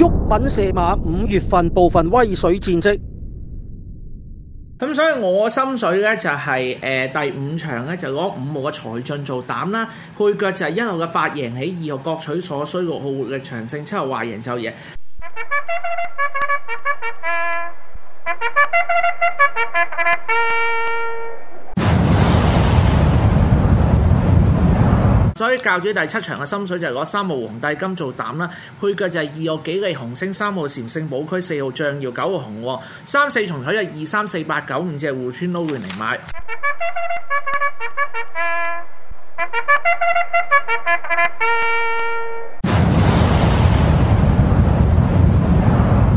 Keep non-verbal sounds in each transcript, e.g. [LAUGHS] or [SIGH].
玉敏射馬五月份部分威水戰績，咁所以我心水呢、就是，就係誒第五場呢，就攞五號嘅財進做膽啦，配角就係一號嘅髮型，起，二號各取所需，六號活力長勝，七號華贏就贏。 [LAUGHS] 所以教主第七場嘅心水就攞三號皇帝金做膽啦，配腳就係二號幾利紅星、三號禪聖寶區、四號象耀、九號紅，三四重彩就二三四八九五隻戶村都會嚟買，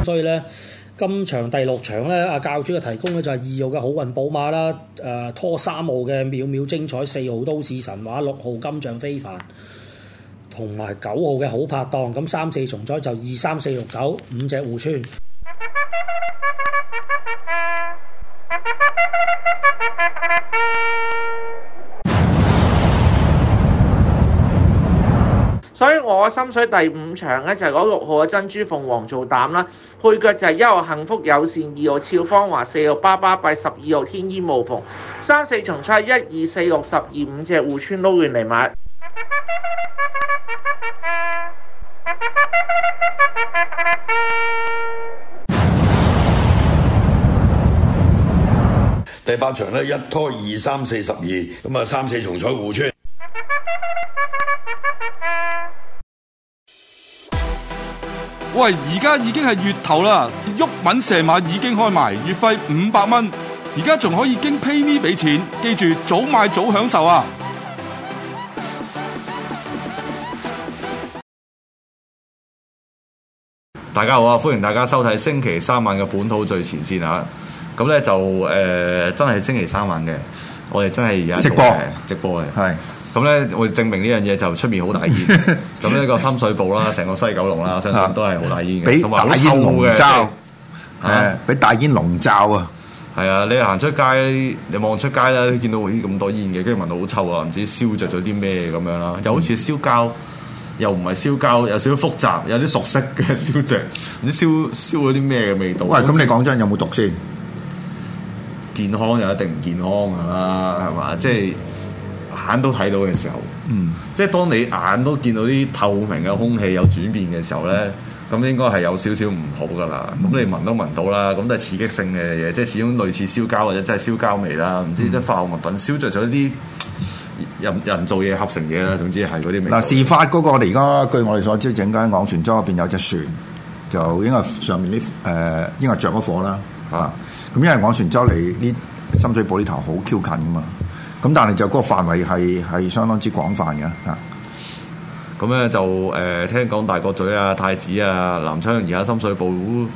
所以咧。今場第六場咧，阿教主嘅提供咧就係二號嘅好運寶馬啦，誒拖三號嘅秒秒精彩，四號都市神話，六號金像非凡，同埋九號嘅好拍檔，咁三四重災就二三四六九五隻互穿。我心水第五場呢，就係嗰六號嘅珍珠鳳凰做膽啦，配腳就係一號幸福友善，二號俏芳華，四號巴巴閉，十二號天衣無縫，三四重彩一二四六十二五隻互串撈完嚟買。第八場呢，一拖二三四十二咁啊，三四重彩互串。喂，而家已經係月頭啦，毓民蛇馬已經開埋，月費五百蚊，而家仲可以經 PayMe 俾錢，記住早買早享受啊！大家好啊，歡迎大家收睇星期三晚嘅本土最前線啊！咁咧就誒，真係星期三晚嘅，我哋真係而家直播直播嘅，係。咁咧會證明呢樣嘢就出面好大煙。咁咧個深水埗啦，成個西九龍啦，相信都係好大煙嘅，同埋好臭嘅，嚇俾大煙籠罩啊！係啊，你行出街，你望出街啦，見到咦咁多煙嘅，跟住聞到好臭啊，唔知燒著咗啲咩咁樣啦，又好似燒膠，又唔係燒膠，有少少複雜，有啲熟悉嘅燒著，唔知燒燒咗啲咩嘅味道。喂，咁你講真，有冇毒先？健康又一定唔健康噶啦，係嘛？即係。眼都睇到嘅時候，嗯，即係當你眼都見到啲透明嘅空氣有轉變嘅時候咧，咁、嗯、應該係有少少唔好噶啦。咁、嗯、你聞都聞到啦，咁都係刺激性嘅嘢，即係始終類似燒膠或者真係燒膠味啦，唔知啲、嗯、化學物品燒着咗啲人人做嘢合成嘢啦，總之係嗰啲味。嗱，事發嗰、那個我哋而家據我哋所知，整間昂船洲嗰邊有隻船就應該上面啲誒、呃、應該着咗火啦，嚇、啊！咁因為昂船洲嚟呢深水埗呢頭好 Q 近噶嘛。咁但係就個範圍係係相當之廣泛嘅嚇，咁咧就誒聽講大角咀啊、太子啊、南昌而家深水埗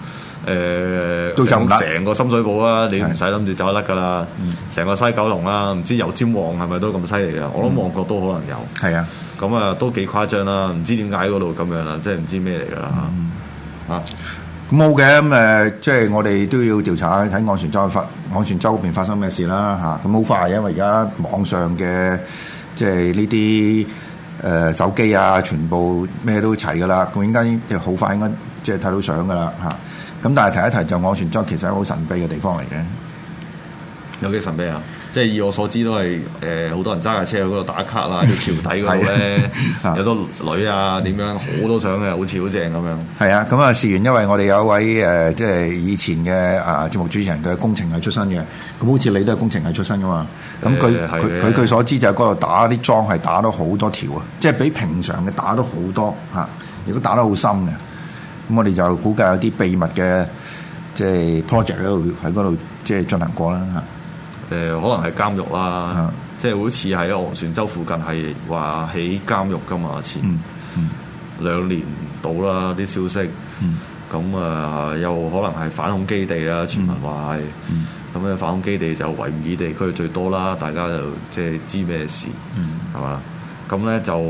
誒，都成個深水埗啊，你唔使諗住走甩噶啦，成個西九龍啊，唔知油尖旺係咪都咁犀利啊？我諗旺角都可能有。係啊，咁啊都幾誇張啦，唔知點解嗰度咁樣啦，即係唔知咩嚟噶啦嚇嚇。冇嘅，咁誒即係我哋都要調查睇安全災法。安全州嗰邊發生咩事啦？嚇、啊，咁好快，因為而家網上嘅即係呢啲誒手機啊，全部咩都齊噶啦，咁應該就好快應該即係睇到相噶啦嚇。咁、啊、但係提一提，就安全州其實係好神秘嘅地方嚟嘅，有幾神秘啊。即係以我所知都係誒好多人揸架車去嗰度打卡啦，啲橋底嗰度咧有好多女啊，點樣好多相嘅，好似好正咁樣。係啊，咁、嗯、啊事緣因為我哋有一位誒即係以前嘅啊、呃、節目主持人嘅工程系出身嘅，咁好似你都係工程系出身噶嘛。咁佢佢佢所知就係嗰度打啲樁係打咗好多條啊，即係比平常嘅打咗好多嚇，啊、亦都打得好深嘅，咁我哋就估計有啲秘密嘅即係 project 喺嗰度即係進行過啦嚇。啊誒、呃、可能係監獄啦，的即係好似喺昂船洲附近係話起監獄噶嘛，前、嗯嗯、兩年到啦啲消息，咁啊、嗯、又可能係反恐基地啊，傳聞話係咁嘅反恐基地就維吾爾地區最多啦，大家就即係知咩事，係嘛、嗯？咁咧就誒、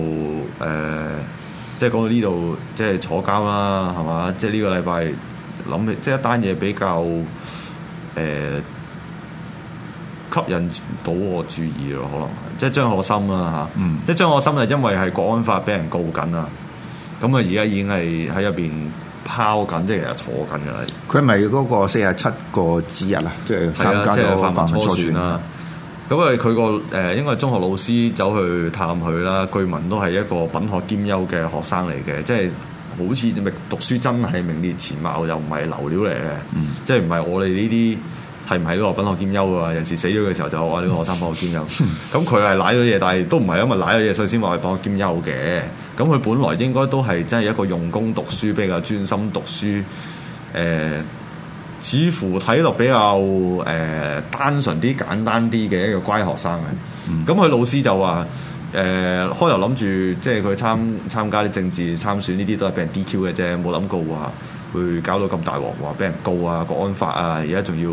呃，即係講到呢度，即係坐監啦，係嘛？即係呢個禮拜諗起，即係一單嘢比較誒。呃吸引到我注意咯，可能即係張學森啦吓。嗯、即係張學森啊，因為係國安法俾人告緊啦，咁啊而家已經係喺入邊拋緊，即係坐緊嘅啦。佢唔係嗰個四十七個之一啊，即係參加咗反叛初選啦。咁啊，佢個誒，應該係中學老師走去探佢啦。據聞都係一個品學兼優嘅學生嚟嘅，即係好似咪讀書真係名列前茅，又唔係流料嚟嘅，嗯、即係唔係我哋呢啲。係唔係呢個品學兼優啊？人士死咗嘅時候就話呢個學生品學兼優。咁佢係瀨咗嘢，但係都唔係因為瀨咗嘢，所以先話佢品學兼優嘅。咁佢本來應該都係真係一個用功讀書，比較專心讀書。誒，似乎睇落比較誒單純啲、簡單啲嘅一個乖學生啊。咁佢老師就話：誒，開頭諗住即係佢參參加啲政治參選呢啲都係俾人 DQ 嘅啫，冇諗過話會搞到咁大鑊，話俾人告啊，國安法啊，而家仲要。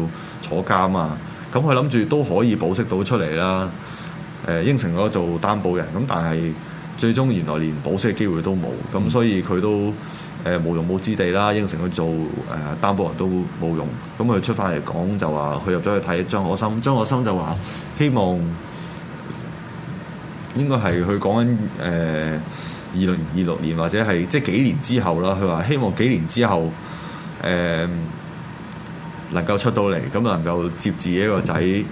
坐監啊！咁佢諗住都可以保釋到出嚟啦。誒、呃、應承我做擔保人，咁但係最終原來連保釋嘅機會都冇，咁所以佢都誒、呃、無用冇之地啦。應承去做誒擔、呃、保人都冇用，咁佢出翻嚟講就話佢入咗去睇張可心，張可心就話希望，應該係佢講緊誒二零二六年或者係即係幾年之後啦。佢話希望幾年之後誒。呃能夠出到嚟咁，能夠接自己個仔誒、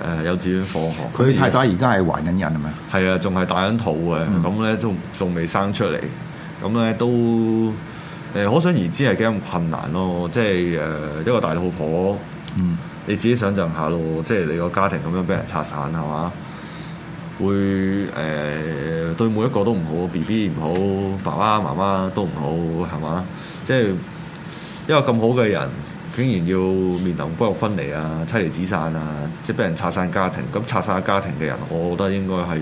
呃、幼稚園放學。佢太太而家係懷緊孕係咪？係啊，仲係大緊肚嘅，咁咧都仲未生出嚟，咁咧都誒、呃，可想而知係幾咁困難咯。即係誒、呃、一個大肚婆，嗯，你自己想象下咯。即係你個家庭咁樣俾人拆散係嘛，會誒、呃、對每一個都唔好，BB 唔好，爸爸媽媽都唔好係嘛。即係一個咁好嘅人。竟然要面臨骨肉分離啊、妻離子散啊，即係俾人拆散家庭。咁拆散家庭嘅人，我覺得應該係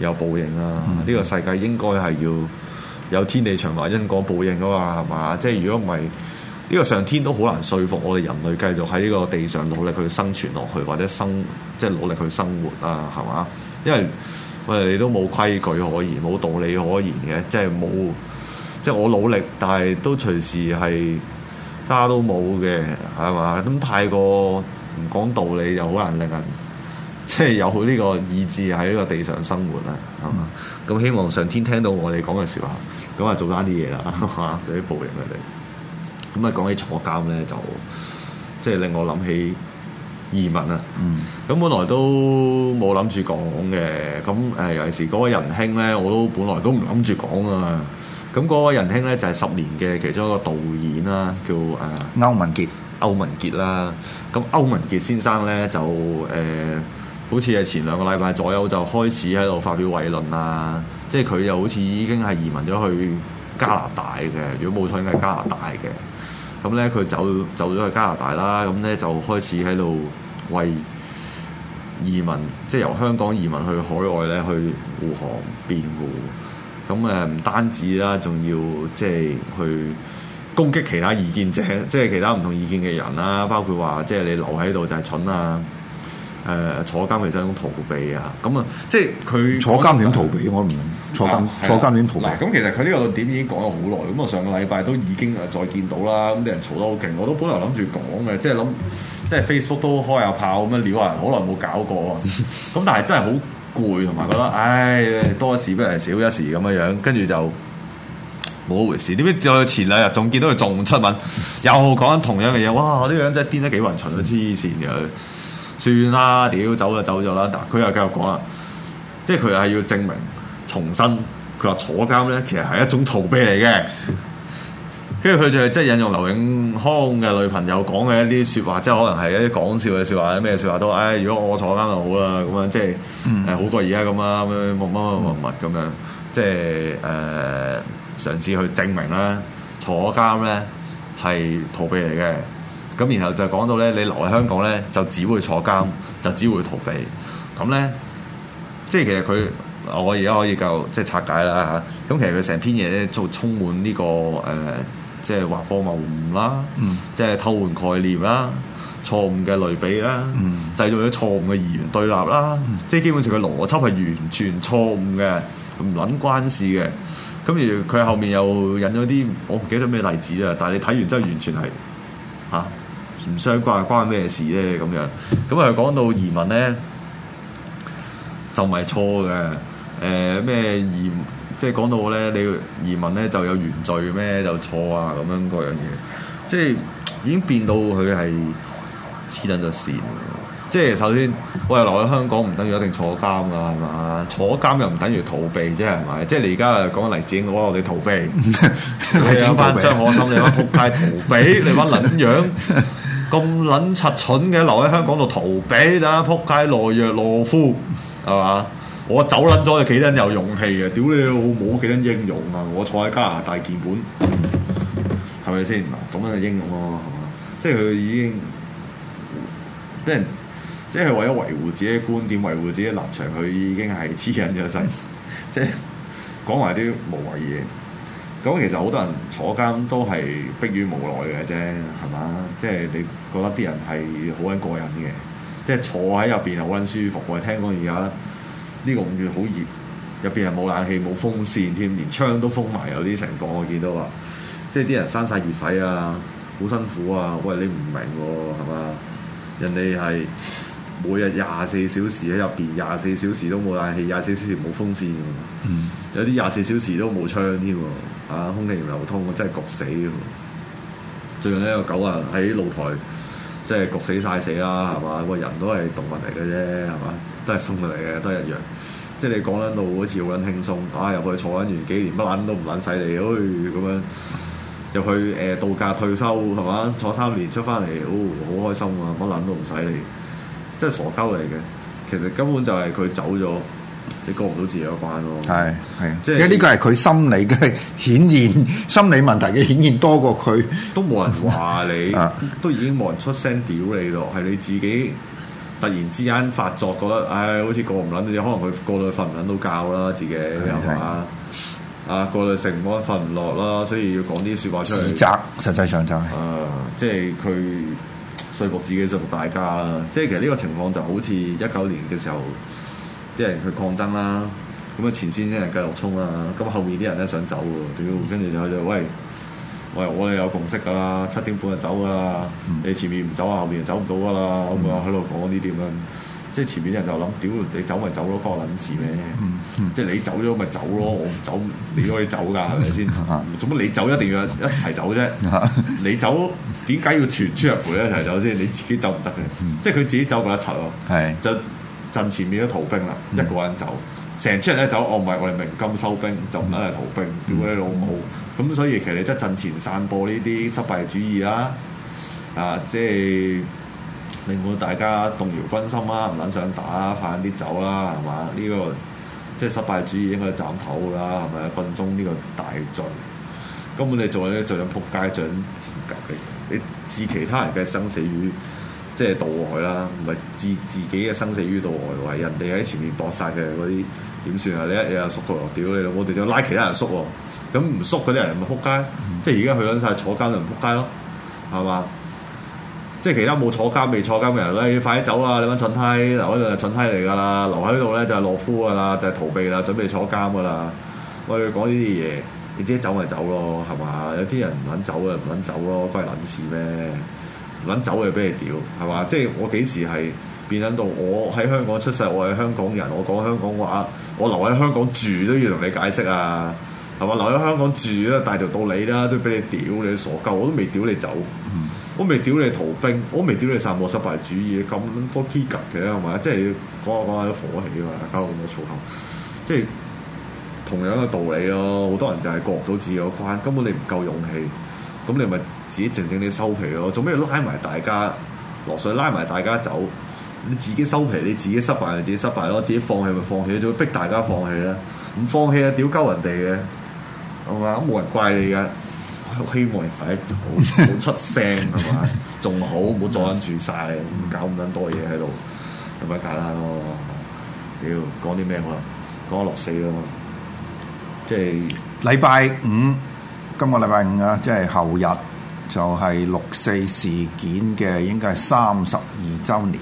有報應啦、啊。呢、嗯、個世界應該係要有天地循環因果報應噶、啊、嘛，係嘛？即係如果唔係，呢個上天都好難說服我哋人類繼續喺呢個地上努力去生存落去，或者生即係努力去生活啊，係嘛？因為我哋都冇規矩可言，冇道理可言嘅，即係冇即係我努力，但係都隨時係。渣都冇嘅，係嘛？咁太過唔講道理，又好難令人即係、就是、有佢呢個意志喺呢個地上生活啦。咁希望上天聽到我哋講嘅說話，咁啊做翻啲嘢啦，吓嗰啲暴行佢哋。咁啊講起坐監咧，就即係、就是、令我諗起移民。啊、嗯。咁本來都冇諗住講嘅，咁誒尤其是嗰位仁兄咧，我都本來都唔諗住講啊。咁嗰位仁兄咧就係、是、十年嘅其中一個導演啦，叫誒、呃、歐文傑，歐文傑啦。咁歐文傑先生咧就誒、呃，好似係前兩個禮拜左右就開始喺度發表偉論啦。即係佢又好似已經係移民咗去加拿大嘅，如果冇錯應該係加拿大嘅。咁咧佢走走咗去加拿大啦，咁咧就開始喺度為移民，即係由香港移民去海外咧去護航辯、辯護。咁誒唔單止啦，仲要即係去攻擊其他異見者，即係其他唔同意見嘅人啦，包括話即係你留喺度就係蠢啊，誒、呃、坐監其實係一種逃避啊！咁、嗯、啊，即係佢坐監點逃避？我唔坐監，坐監點、啊、逃避？咁、啊、其實佢呢個點已經講咗好耐，咁我上個禮拜都已經誒再見到啦，咁啲人吵得好勁，我都本來諗住講嘅，即係諗即係 Facebook 都開下炮咁樣，撩、啊、人好耐冇搞過，咁但係真係好 [LAUGHS] 攰同埋覺得，唉，多一事不如少一事咁樣樣，跟住就冇一回事。點解就前兩日仲見到佢仲出文，又講緊同樣嘅嘢？哇！我呢樣真係癲得幾混咗黐線嘅！算啦，屌，走就走咗啦。嗱，佢又繼續講啦，即係佢係要證明重申，佢話坐監咧，其實係一種逃避嚟嘅。跟住佢就係即係引用劉永康嘅女朋友講嘅一啲説話，即係可能係一啲講笑嘅説話，咩説話都說，誒、哎，如果我坐監就好啦，咁樣即係好過而家咁啊，乜乜乜乜咁樣，即係誒、嗯呃、嘗試去證明啦，坐監咧係逃避嚟嘅。咁然後就講到咧，你留喺香港咧就只會坐監，嗯、就只會逃避。咁咧，即係其實佢我而家可以夠即係拆解啦嚇。咁、啊、其實佢成篇嘢咧，就充滿呢、呢個誒。呃劃嗯、即係滑坡謬誤啦，即係偷換概念啦，嗯、錯誤嘅類比啦，嗯、製造咗錯誤嘅二元對立啦，嗯、即係基本上佢邏輯係完全錯誤嘅，唔撚、嗯、關事嘅。咁而佢後面又引咗啲我唔記得咩例子啊，但係你睇完之後完全係嚇唔相關關咩事咧咁樣。咁啊講到移民咧就唔係錯嘅，誒、呃、咩移？即係講到我咧，你移民咧就有原罪咩？就錯啊，咁樣嗰樣嘢，即係已經變到佢係黐撚咗線。即係首先，我又留喺香港唔等於一定坐監㗎，係嘛？坐監又唔等於逃避，啫，係咪？即係你而家講緊黎智英我我哋逃避，睇翻張可心，你話撲街逃避， [LAUGHS] 你話撚樣咁撚柒蠢嘅留喺香港度逃避啦，撲街懦弱懦夫，係嘛？我走撚咗，幾多人有勇氣嘅？屌你，我冇幾撚英勇啊！我坐喺加拿大鍵盤，係咪先？咁樣就英勇咯，即係佢已經，即係即係為咗維護自己嘅觀點、維護自己嘅立場，佢已經係黐撚咗身。 [LAUGHS] 即係講埋啲無謂嘢。咁其實好多人坐監都係迫於無奈嘅啫，係嘛？即係你覺得啲人係好撚過癮嘅，即係坐喺入邊好撚舒服。我聽講而家。呢個五月好熱，入邊係冇冷氣冇風扇添，連窗都封埋。有啲情況我見到啊，即係啲人生晒熱痱啊，好辛苦啊！喂，你唔明喎、啊，係嘛？人哋係每日廿四小時喺入邊，廿四小時都冇冷氣，廿四小時冇風扇，嗯、有啲廿四小時都冇窗添，啊，空氣唔流通，真係焗死㗎！最近呢個狗啊喺露台，即係焗死晒死啦，係嘛？個人都係動物嚟嘅啫，係嘛？都係生物嚟嘅，都係一樣。即係你講緊到好似好撚輕鬆，啊入去坐緊完幾年，乜撚都唔撚使你。哦、哎、咁樣入去誒、呃、度假退休係嘛？坐三年出翻嚟，哦好開心啊，乜撚都唔使你，即係傻鳩嚟嘅。其實根本就係佢走咗，你過唔到自己嘅關咯。係係，即係是因為呢個係佢心理嘅顯現，心理問題嘅顯現，多過佢都冇人話你，啊、都已經冇人出聲屌你咯，係你自己。突然之間發作，覺得唉、哎，好似過唔撚可能佢過度瞓唔撚到覺啦，自己又係嘛？去對吧啊，過度食唔安，瞓唔落啦，所以要講啲説話出嚟。自責，實際上就係、是、啊，即係佢睡覺自己造福大家啦，說服自己，說服大家。即係其實呢個情況就好似一九年嘅時候，啲人去抗爭啦，咁啊前線啲人繼續衝啦。咁後面啲人咧想走喎，屌，跟住就就喂。喂，我哋有共識噶啦，七點半就走噶啦。你前面唔走啊，後面就走唔到噶啦。咁啊，喺度講呢啲咁，即係前面人就諗，屌你走咪走咯，當緊事咩？即係你走咗咪走咯，我唔走，你可以走噶，係咪先？做乜你走一定要一齊走啫？你走點解要全村人陪一齊走先？你自己走唔得嘅，即係佢自己走嗰一層咯。係就陣前面都逃兵啦，一個人走。成支人咧走、哦、我唔係我哋鳴金收兵，就唔撚係逃兵，屌你老母！咁、嗯、所以其實即係陣前散播呢啲失敗主義啦、啊。啊即係令到大家動搖軍心啦、啊，唔撚想打，快啲走啦，係嘛？呢、呢個即係失敗主義應該斬頭噶啦，係咪啊？軍中呢個大罪，根本你做嘢就想撲街，就自殺嘅，你置其他人嘅生死於即係度外啦，唔係自自己嘅生死於度外，為人哋喺前面搏殺嘅嗰啲點算啊？你一有縮佢，我屌你咯！我哋就拉其他人縮喎、喔，咁唔縮嗰啲人咪撲街，嗯、即係而家去緊晒坐監就唔撲街咯，係嘛？即係其他冇坐監、未坐監嘅人咧，要快啲走啊！你揾蠢梯，留喺度就蠢梯嚟噶啦，留喺度咧就係懦夫噶啦，就係、是、逃避啦，準備坐監噶啦。喂，你講呢啲嘢，你自己走咪走咯，係嘛？有啲人唔肯走嘅唔肯走咯，關撚事咩？諗走就俾你屌，係嘛？即係我幾時係變諗到我喺香港出世，我係香港人，我講香港話，我留喺香港住都要同你解釋啊，係嘛？留喺香港住啦，大條道理啦，都俾你屌，你傻鳩，我都未屌你走，嗯、我都未屌你逃兵，我都未屌你散播失敗主義，咁多黐 𥄫 嘅係嘛？即係講下講下都火起嘛，搞咁多粗口。即係同樣嘅道理咯。好多人就係過唔到自己關，根本你唔夠勇氣。咁你咪自己靜靜啲收皮咯，做咩要拉埋大家落水，拉埋大家走？你自己收皮，你自己失敗就自己失敗咯，自己放棄咪放棄？仲逼大家放棄啦。唔放棄啊，屌鳩人哋嘅，係嘛？冇人怪你嘅。我希望你快啲走，好出聲係嘛？仲好，唔好阻住晒唔搞咁撚多嘢喺度，咁咪簡單咯。屌、哦，講啲咩喎？講六四咯，即係禮拜五。今個禮拜五啊，即係後日就係、是、六四事件嘅應該係三十二週年。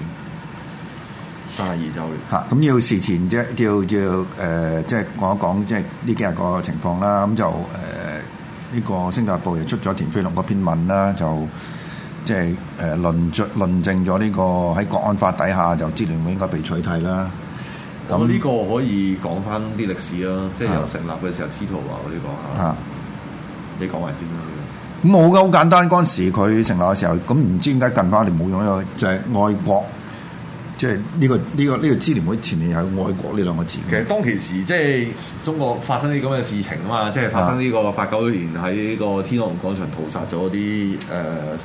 三十二週年。嚇、嗯，咁要事前即係要要誒、呃，即係講一講即係呢幾日個情況啦。咁、嗯、就誒呢、呃這個呃這個《星島日報》又出咗田飛龍個篇文啦，就即係誒論著論證咗呢個喺《國安法》底下就支聯會應該被取締啦。咁、嗯、呢個可以講翻啲歷史啦，即係由成立嘅時候司徒華嗰啲講你講埋先啦。咁冇噶，好簡單。嗰陣時佢成立嘅時候，咁唔知點解近排年冇用呢個，就係愛國，即係呢個呢個呢個支聯會前面有愛國呢兩個字。其實當其時，即係中國發生啲咁嘅事情啊嘛，即係發生呢個八九年喺呢個天安門廣場屠殺咗啲誒，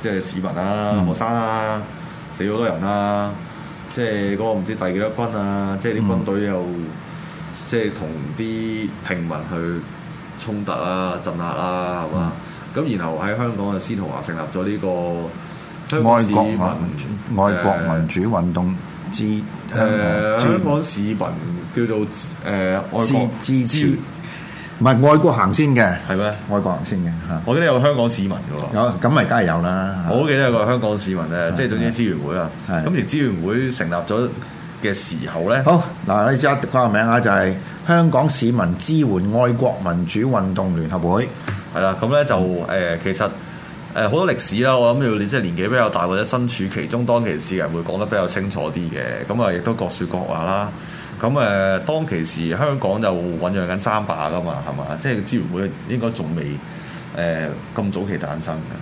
即係市民啊、嗯、學生啊，死咗好多人啊。即係嗰個唔知第幾多軍啊，即係啲軍隊又即係同啲平民去。衝突啊，鎮壓啊，係嘛？咁然後喺香港嘅司徒華成立咗呢個香港市民，誒，愛國民主運動支，誒，香港市民叫做誒愛國支，唔係愛國行先嘅，係咩？愛國行先嘅，我記得有香港市民嘅喎，有，咁咪梗係有啦。我記得有個香港市民咧，即係總之支援會啦，咁而支援會成立咗嘅時候咧，好嗱，呢張掛個名啊，就係、是、香港市民支援愛國民主運動聯合會，係啦，咁咧就誒、呃、其實誒好、呃、多歷史啦，我諗要你即係年紀比較大或者身處其中當其時人會講得比較清楚啲嘅，咁啊亦都各説各話啦。咁誒、呃、當其時香港就醖釀緊三罷噶嘛，係嘛？即、就、係、是、支援會應該仲未誒咁、呃、早期誕生嘅，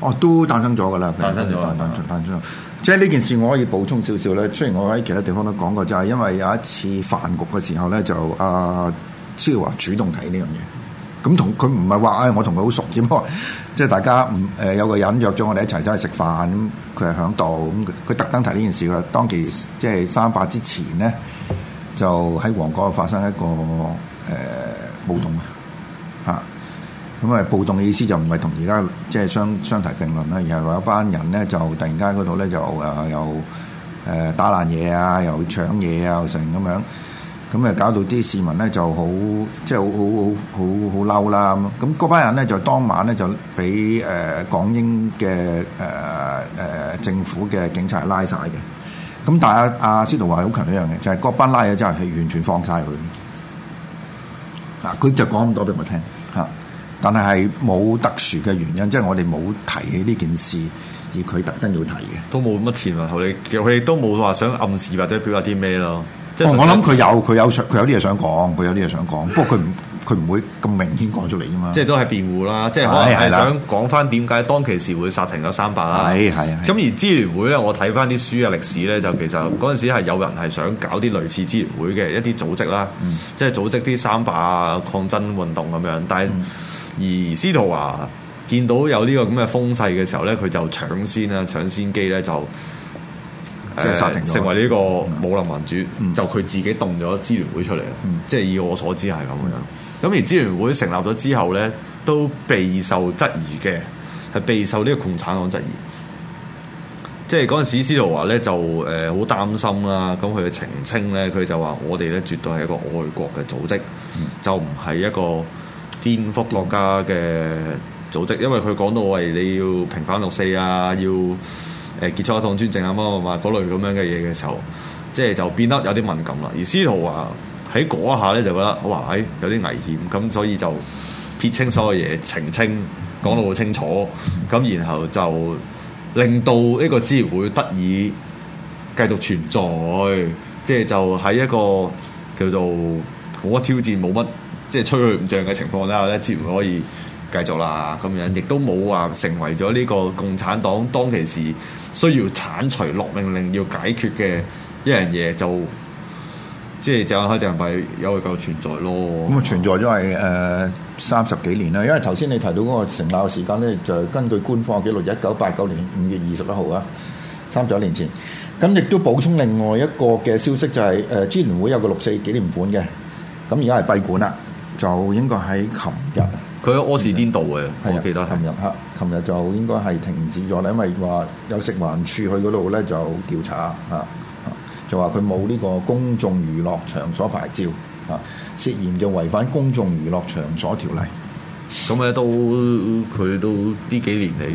哦，都誕生咗噶啦，誕生咗，誕生誕生。誕即係呢件事我可以補充少少咧，雖然我喺其他地方都講過，就係因為有一次飯局嘅時候咧，就阿施華主動提呢樣嘢。咁同佢唔係話唉，我同佢好熟點講，即係大家誒、呃、有個人約咗我哋一齊走去食飯，咁佢係響度，咁佢特登提呢件事嘅。當時即係三八之前咧，就喺旺角發生一個誒暴、呃、動啊！嚇～咁啊，暴動嘅意思就唔係同而家即係相相提並論啦，而係話一班人咧就突然間嗰度咧就誒又誒打爛嘢啊，又搶嘢啊，成咁樣，咁、呃、啊搞到啲市民咧就好即係好好好好好嬲啦。咁嗰、嗯、班人咧就當晚咧就俾誒、呃、港英嘅誒誒政府嘅警察拉晒嘅。咁但係阿、啊、司徒華好強一樣嘅，就係、是、嗰班拉嘢真係係完全放開佢。嗱、啊，佢就講咁多俾我聽嚇。但係冇特殊嘅原因，即係我哋冇提起呢件事，而佢特登要提嘅，都冇乜前文後理，其實佢哋都冇話想暗示或者表達啲咩咯。即我諗佢有，佢有佢有啲嘢想講，佢有啲嘢想講。 [LAUGHS] 不過佢佢唔會咁明顯講出嚟㗎嘛。即係都係辯護啦，即係可能係想講翻點解當其時會殺停咗三罷啦。咁而支聯會咧，我睇翻啲書嘅歷史咧，就其實嗰陣時係有人係想搞啲類似支聯會嘅一啲組織啦，嗯、即係組織啲三罷抗爭運動咁樣，但係，嗯而司徒華見到有呢個咁嘅風勢嘅時候咧，佢就搶先啦，搶先機咧就誒成為呢個武林民主，嗯、就佢自己動咗支聯會出嚟，即係以我所知係咁樣。咁、嗯、而支聯會成立咗之後咧，都備受質疑嘅，係備受呢個共產黨質疑。即係嗰陣時司徒華，司徒華咧就誒好擔心啦。咁佢嘅澄清咧，佢就話：我哋咧絕對係一個愛國嘅組織，嗯、就唔係一個。顛覆國家嘅組織，因為佢講到喂，你要平反六四啊，要誒結束一黨專政啊嘛，嗰類咁樣嘅嘢嘅時候，即係就變得有啲敏感啦。而司徒華喺嗰一下咧就覺得哇，誒有啲危險，咁所以就撇清所有嘢，澄清講到好清楚，咁、嗯、然後就令到呢個支聯會得以繼續存在，即係就喺一個叫做冇乜挑戰，冇乜。即係摧毀唔盡嘅情況啦，咧自然可以繼續啦，咁樣亦都冇話成為咗呢個共產黨當其時需要剷除落命令要解決嘅一樣嘢，就即係就介石係咪有夠存在咯？咁啊、嗯、存在咗係誒三十幾年啦，因為頭先你提到嗰個成立嘅時間咧，就係、根據官方記錄，一九八九年五月二十一號啊，三十一年前。咁亦都補充另外一個嘅消息，就係、係、誒、呃、支聯會有個六四紀念館嘅，咁而家係閉館啦。就應該喺琴日，佢喺柯士甸道嘅，係啊，我記得琴日吓，琴日就應該係停止咗啦，因為話有食環署去嗰度咧就調查吓，啊，就話佢冇呢個公眾娛樂場所牌照，啊，涉嫌就違反公眾娛樂場所條例。咁咧都，佢都呢幾年嚟，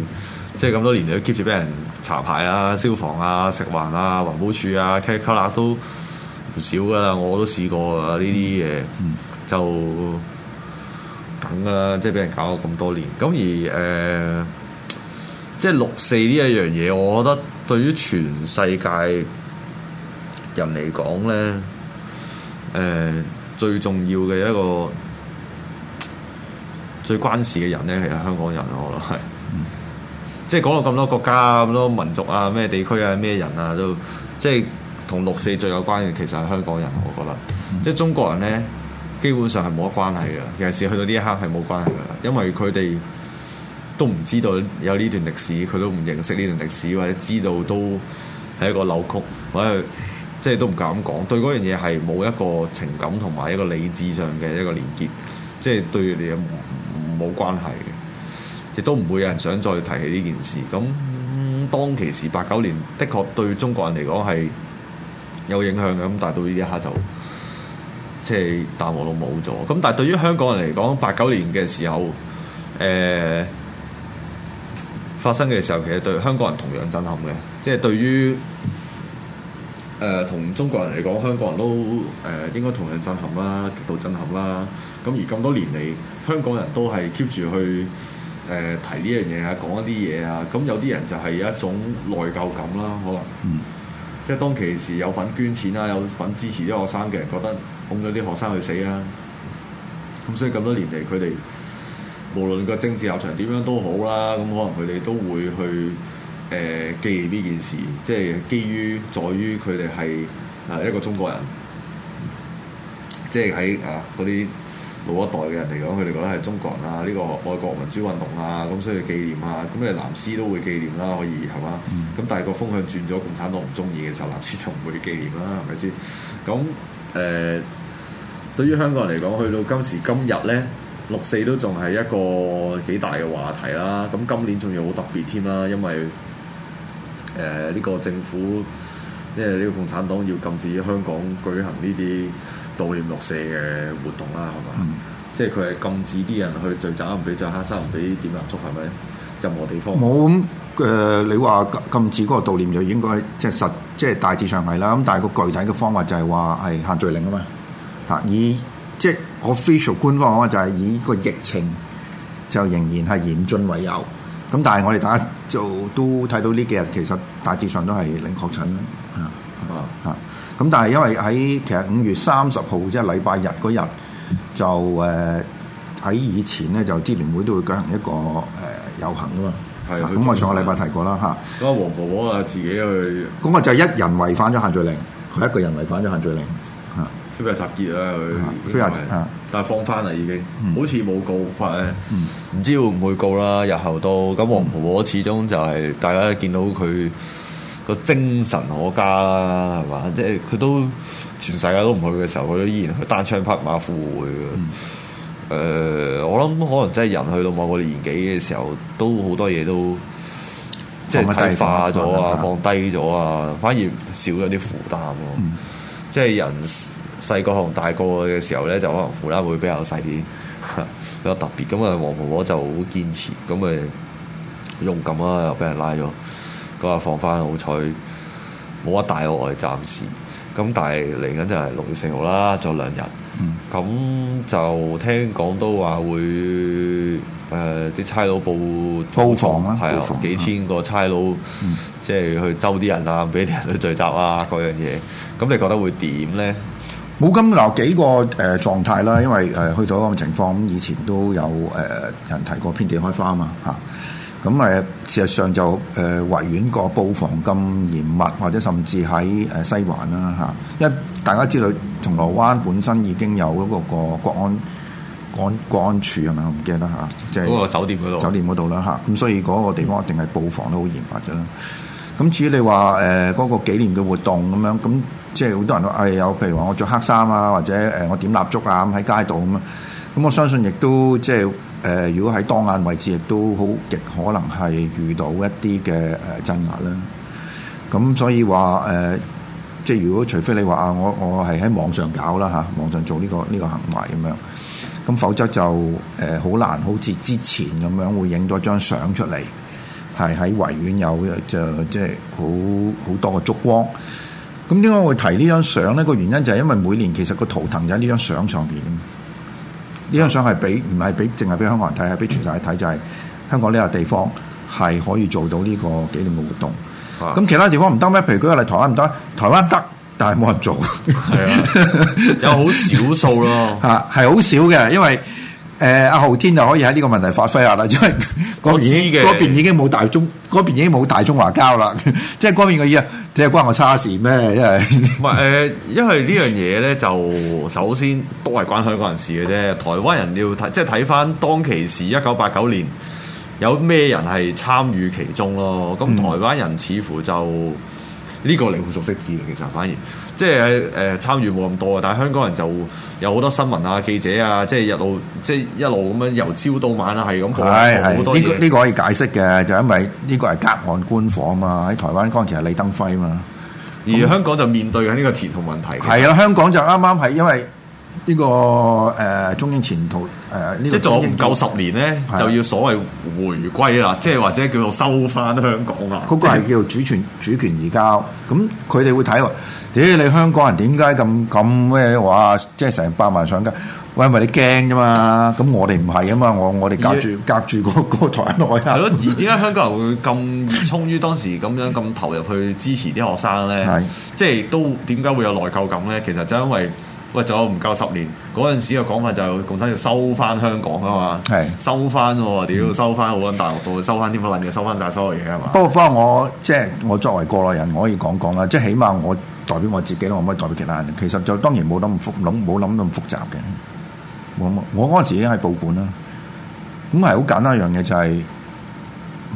即係咁多年嚟都 keep 住俾人查牌啊、消防啊、食環啊、環保署啊、check 啦，都唔少噶啦，我都試過啊呢啲嘢。就梗啦，即係俾人搞咗咁多年。咁而誒、呃，即係六四呢一樣嘢，我覺得對於全世界人嚟講咧，誒、呃、最重要嘅一個最關事嘅人咧，其實香港人我覺得係，嗯、即係講到咁多國家咁多民族啊，咩地區啊，咩人啊，都即係同六四最有關嘅，其實係香港人，我覺得，嗯、即係中國人咧。基本上係冇乜關係嘅，尤其是去到呢一刻係冇關係嘅，因為佢哋都唔知道有呢段歷史，佢都唔認識呢段歷史，或者知道都係一個扭曲，或者即係都唔敢講，對嗰樣嘢係冇一個情感同埋一個理智上嘅一個連結，即係對你冇關係嘅，亦都唔會有人想再提起呢件事。咁當其時八九年，的確對中國人嚟講係有影響嘅，咁但係到呢一刻就。即係淡忘都冇咗咁，但係對於香港人嚟講，八九年嘅時候，誒、呃、發生嘅時候，其實對香港人同樣震撼嘅。即係對於誒同、呃、中國人嚟講，香港人都誒、呃、應該同樣震撼啦，極度震撼啦。咁而咁多年嚟，香港人都係 keep 住去誒、呃、提呢樣嘢啊，講一啲嘢啊。咁有啲人就係一種內疚感啦，可能、嗯、即係當其時有份捐錢啊，有份支持啲學生嘅人覺得。捧咗啲學生去死啊！咁所以咁多年嚟，佢哋無論個政治立場點樣都好啦，咁可能佢哋都會去誒紀念呢件事，即係基於在於佢哋係啊一個中國人，即係喺啊嗰啲老一代嘅人嚟講，佢哋覺得係中國人啊，呢個愛國民主運動啊，咁所以紀念啊，咁你藍絲都會紀念啦，可以係嘛？咁、嗯、但係個風向轉咗，共產黨唔中意嘅時候，藍絲就唔會紀念啦，係咪先？咁誒。呃對於香港人嚟講，去到今時今日咧，六四都仲係一個幾大嘅話題啦。咁今年仲要好特別添啦，因為誒呢、呃這個政府，因為呢個共產黨要禁止香港舉行呢啲悼念六四嘅活動啦，係嘛？嗯、即係佢係禁止啲人去聚集，唔俾著黑衫，唔俾點蠟燭，係咪？任何地方冇咁誒，你話禁止嗰個悼念就應該即係實，即係大致上係啦。咁但係個具體嘅方法就係話係限聚令啊嘛。啊！以即係我 official 官方講就係、是、以個疫情就仍然係嚴峻為由，咁、嗯、但係我哋大家就都睇到呢幾日其實大致上都係零確診啦。啊咁但係因為喺其實五月三十號即係禮拜日嗰日就誒喺、呃、以前咧就支聯會都會舉行一個誒、呃、遊行啊嘛。係是，咁、嗯、我上個禮拜提過啦嚇。咁啊，黃婆婆啊，自己去。咁我就一人違反咗限聚令，佢一個人違反咗限聚令。都係集結啦佢，飛亞但係放翻啦已經，嗯、好似冇告翻咧，唔、嗯、知會唔會告啦。日後到咁黃婆婆始終就係大家見到佢個精神可嘉啦，係嘛？即係佢都全世界都唔去嘅時候，佢都依然去單槍匹馬赴會嘅、嗯呃。我諗可能真係人去到某個年紀嘅時候，都好多嘢都即係睇化咗啊，放低咗啊，反而少咗啲負擔喎。嗯、即係人。細個同大個嘅時候咧，就可能負擔會比較細啲，比較特別。咁啊，黃婆婆就好堅持，咁啊用錨啊又俾人拉咗，佢話放翻好彩，冇乜大鑊，暫時。咁但係嚟緊就係六月四號啦，就兩日。咁就、嗯、聽講都話會誒啲差佬佈租房啦、啊，係啊，幾千個差佬，即係、嗯、去揪啲人啊，俾啲人去聚集啊，嗰樣嘢。咁你覺得會點咧？冇咁留幾個誒、呃、狀態啦，因為誒、呃、去到咁嘅情況，咁以前都有誒人提過遍地開花」啊嘛嚇，咁、啊、誒事實上就誒維園個布防咁嚴密，或者甚至喺誒西環啦嚇、啊，因為大家知道銅鑼灣本身已經有嗰個國安國安國安,國安處係咪我唔記得啦即係嗰個酒店嗰度，酒店嗰度啦嚇，咁、啊、所以嗰個地方一定係布防得好嚴密咗啦。咁、啊、至於你話誒嗰個紀念嘅活動咁樣咁。即係好多人都，誒、哎、有，譬如話我着黑衫啊，或者誒我點蠟燭啊，咁喺街度咁啊。咁我相信亦都即係誒、呃，如果喺當眼位置，亦都好極可能係遇到一啲嘅誒鎮壓啦。咁所以話誒、呃，即係如果除非你話啊，我我係喺網上搞啦嚇、啊，網上做呢、這個呢、這個行為咁樣，咁否則就誒好難，好似之前咁樣會影到一張相出嚟，係喺維園有就即係好好多個燭光。咁點解我會提張呢張相咧？個原因就係因為每年其實個圖騰就喺呢張相上邊。呢張相係俾，唔係俾，淨係俾香港人睇，係俾全世界睇，就係、是、香港呢個地方係可以做到呢個紀念嘅活動。咁、啊、其他地方唔得咩？譬如舉個例，台灣唔得，台灣得，但係冇人做。係啊，有好少數咯。嚇，係好少嘅，因為誒阿、呃、浩天就可以喺呢個問題發揮下啦，因為嗰邊已經冇大中嗰邊已經冇大中華膠啦，即係嗰邊嘅嘢，即係關我差事咩、 [LAUGHS] 呃？因為唔係誒，因為呢樣嘢咧，就首先都係關香港人事嘅啫。台灣人要睇，即係睇返當其時一九八九年有咩人係參與其中咯。咁台灣人似乎就呢、嗯、個你會熟悉啲嘅，其實反而。即係誒、呃、參與冇咁多啊，但係香港人就有好多新聞啊、記者啊，即係日路即係一路咁樣由朝到晚啊，係咁係係。呢、這個呢、這個可以解釋嘅，就因為呢個係隔岸觀火啊嘛，喺台灣當其時係李登輝嘛，而香港那就面對緊呢個前途問題。係啦，香港就啱啱係因為呢、這個誒、呃、中英前途誒呢、呃這個中中，即係做唔夠十年咧，的就要所謂回歸啦，即係或者叫做收翻香港啊。嗰個係叫做主權主權移交，咁佢哋會睇喎。咦、哎！你香港人點解咁咁咩話？即係成百萬上街，喂咪你驚啫嘛？咁我哋唔係啊嘛，我我哋隔住為隔住、個個台內。係咯，而點解香港人會咁熱衷於當時咁樣咁投入去支持啲學生咧？是即係都點解會有內疚感咧？其實就因為。喂，仲有唔夠十年？嗰陣時嘅講法就共產黨要收翻香港啊嘛、嗯，收翻喎，屌收翻好撚大陸度，收翻啲乜撚嘢，收翻晒所有嘢啊嘛。不過，不過我即係、就是、我作為過來人，我可以講講啦。即、就、係、是、起碼我代表我自己啦，我唔可以代表其他人。其實就當然冇諗咁複，冇諗咁複雜嘅。我我我嗰陣時已經係報館啦。咁係好簡單一樣嘢就係、是、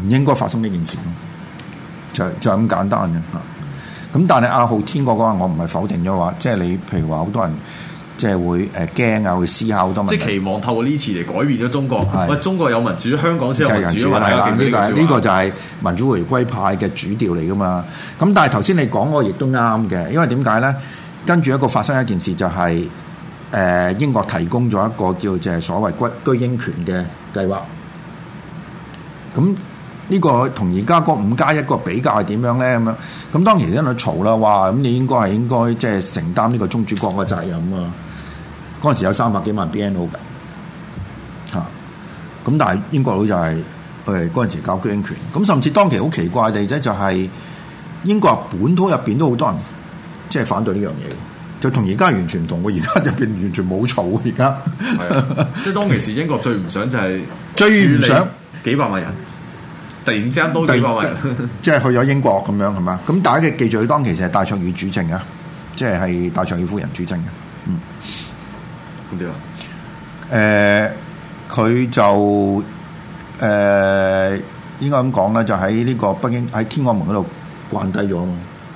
唔應該發生呢件事咯。就是、就咁、是、簡單嘅。咁但係阿浩天嗰、那個我唔係否定咗話，即係你譬如話好多人即係會誒驚啊，會思考好多問題。即係期望透過呢次嚟改變咗中國。係是，中國有民主，香港先有民主呢、啊這個、個就係民主回歸派嘅主調嚟㗎嘛。咁但係頭先你講我亦都啱嘅，因為點解咧？跟住一個發生一件事就係、是，誒、呃、英國提供咗一個叫就係所謂骨居英權嘅計劃。咁。呢個同而家嗰五加一個比較係點樣咧？咁樣咁當時真係嘈啦！哇！咁你應該係應該即係承擔呢個宗主國嘅責任、NO、啊！嗰陣時有三百幾萬 BNO 嘅嚇，咁但係英國佬就係佢係嗰陣時搞居英權，咁甚至當其好奇怪地啫，就係英國本土入邊都好多人即係反對呢樣嘢，就同而家完全唔同。我而家入邊完全冇嘈，而家、啊、 [LAUGHS] 即係當其時英國最唔想就係處理，最唔想，幾百萬人。突然之間，刀過人，即係去咗英國咁 [LAUGHS] 樣，係嘛？咁大家記記住，當其實係戴卓爾主政啊，即係係戴卓爾夫人主政嘅。嗯，咁點啊？誒、呃，佢就誒、呃、應該咁講啦，就喺呢個北京喺天安門嗰度關低咗嘛。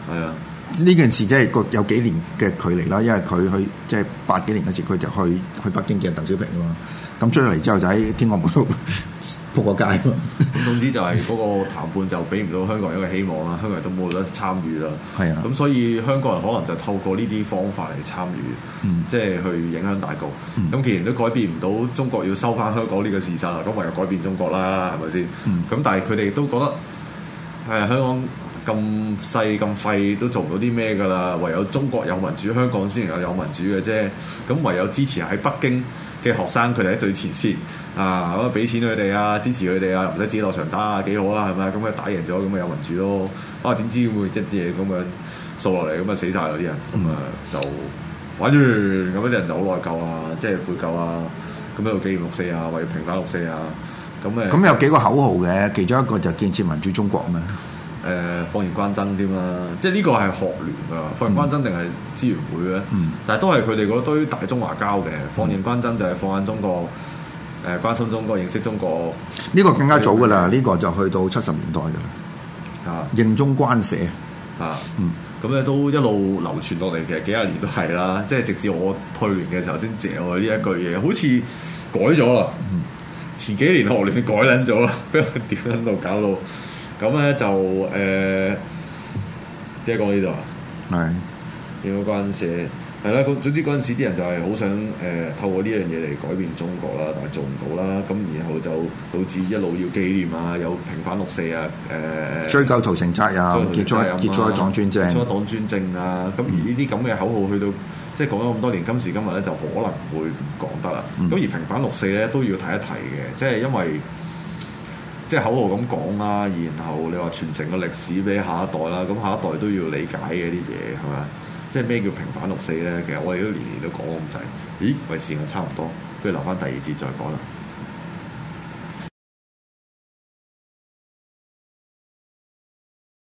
係啊，呢件事即係個有幾年嘅距離啦，因為佢去即係、就是、八幾年嗰時，佢就去去北京見鄧小平啊嘛。咁出嚟之後就喺天安門。 [LAUGHS] 扑個街，咁 [LAUGHS] 總之就係嗰個談判就俾唔到香港人一個希望啦，香港人都冇得參與啦。係啊的，咁所以香港人可能就透過呢啲方法嚟參與，嗯、即係去影響大局。咁、嗯、既然都改變唔到中國要收翻香港呢個事實，咁唯有改變中國啦，係咪先？咁、嗯、但係佢哋都覺得誒香港咁細咁廢都做唔到啲咩㗎啦，唯有中國有民主，香港先有有民主嘅啫。咁唯有支持喺北京。嘅學生佢哋喺最前線啊，咁俾錢佢哋啊，支持佢哋啊，唔使自己落場打啊，幾好啊，係咪咁啊？打贏咗，咁咪有民主咯。啊，點知會一啲嘢咁樣掃落嚟，咁啊死晒嗰啲人。咁啊、嗯、就玩完。咁啲人就好內疚啊，即係悔疚啊。咁喺度紀念六四啊，為平反六四啊。咁誒，咁、嗯、有幾個口號嘅，其中一個就建設民主中國啊嘛。誒，放言關真添啦，即係呢個係學聯啊，放言關真定係資源會咧，嗯、但係都係佢哋嗰堆大中華膠嘅。放言關真就係放眼中國，誒、嗯，關心中國，認識中國。呢個更加早㗎啦，呢、嗯、個就去到七十年代㗎啦。啊，認中關社啊，咁咧、嗯、都一路流傳落嚟嘅。其實幾廿年都係啦，即係直至我退聯嘅時候先借我呢一句嘢，好似改咗啦。嗯、前幾年學聯改撚咗啦，俾人調撚到，搞到。咁咧就誒，點解講呢度啊？的有有係，點解嗰陣時係啦？咁總之嗰陣時啲人就係好想誒、呃，透過呢樣嘢嚟改變中國啦，但係做唔到啦。咁然後就導致一路要紀念啊，有平反六四啊，誒、呃、誒，追究屠城責任，結束結束一黨專政，結束一黨專政啊。咁、嗯、而呢啲咁嘅口號去到，即係講咗咁多年，今時今日咧就可能會唔講得啦。咁、嗯、而平反六四咧都要提一提嘅，即係因為。即係口號咁講啦，然後你話傳承個歷史畀下一代啦，咁下一代都要理解嘅啲嘢係咪？即係咩叫平反六四咧？其實我哋都年年都講咁滯，咦？咪時間差唔多，不如留翻第二節再講啦。